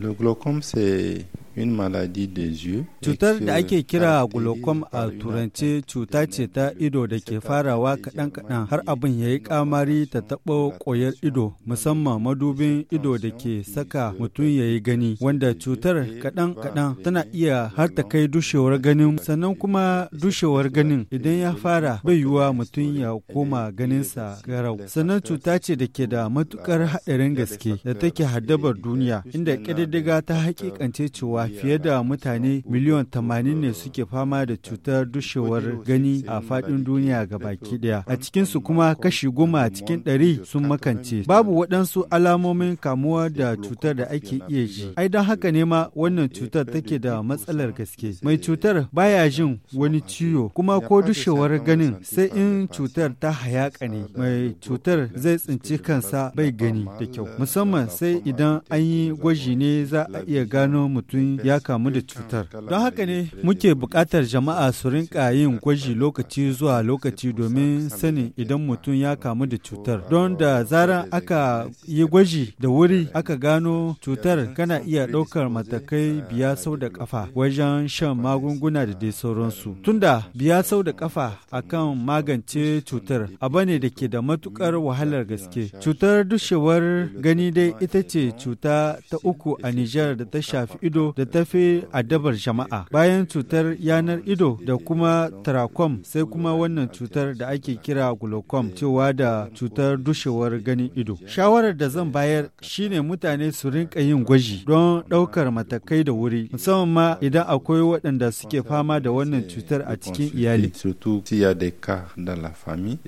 Le glaucome, c'est Cutar da ake kira glaucom a turance cuta ce ta ido da ke farawa kaɗan-kaɗan har abin ya yi ƙamari ta taɓa ƙwayar ido musamman madubin ido da ke saka mutum ya yi gani wanda cutar kaɗan-kaɗan tana iya har ta kai dushewar ganin sannan kuma dushewar ganin idan ya fara bai yiwa mutum ya koma ganinsa garau. Sannan cuta ce da ke da matukar haɗarin gaske da take haddabar duniya inda ƙididdiga ta hakikance cewa fiye da mutane miliyon tamanin ne suke fama da cutar dushewar gani a faɗin duniya ga baki ɗaya. A cikinsu kuma kashi goma cikin ɗari sun makance. Babu waɗansu alamomin kamuwa da cutar da ake iya ji. Ai don haka ne ma wannan cutar take da matsalar gaske. Mai cutar baya jin wani ciwo kuma ko dushewar ganin sai in cutar ta hayaka ne. Mai cutar zai tsinci kansa bai gani da kyau. Musamman sai idan an yi gwaji ne za a iya gano mutum ya kamu da cutar. Don haka ne muke buƙatar jama'a su rinka yin gwaji lokaci zuwa lokaci domin sani idan mutum ya kamu da cutar. Don da zarar aka yi gwaji da wuri aka gano cutar kana iya ɗaukar matakai biya sau da ƙafa wajen shan magunguna da dai sauransu. Tunda biya sau da ƙafa akan magance cutar abu ne da ke da matuƙar wahalar gaske. Cutar dushewar gani dai ita ce cuta ta uku a Nijar da ta shafi ido da tafi addabar jama'a bayan cutar yanar ido da kuma tracom sai kuma wannan cutar da ake kira glaucom cewa da cutar dushewar ganin ido shawarar da zan bayar shine mutane su rinka yin gwaji don ɗaukar matakai da wuri musamman ma idan akwai waɗanda suke fama da wannan cutar a cikin iyali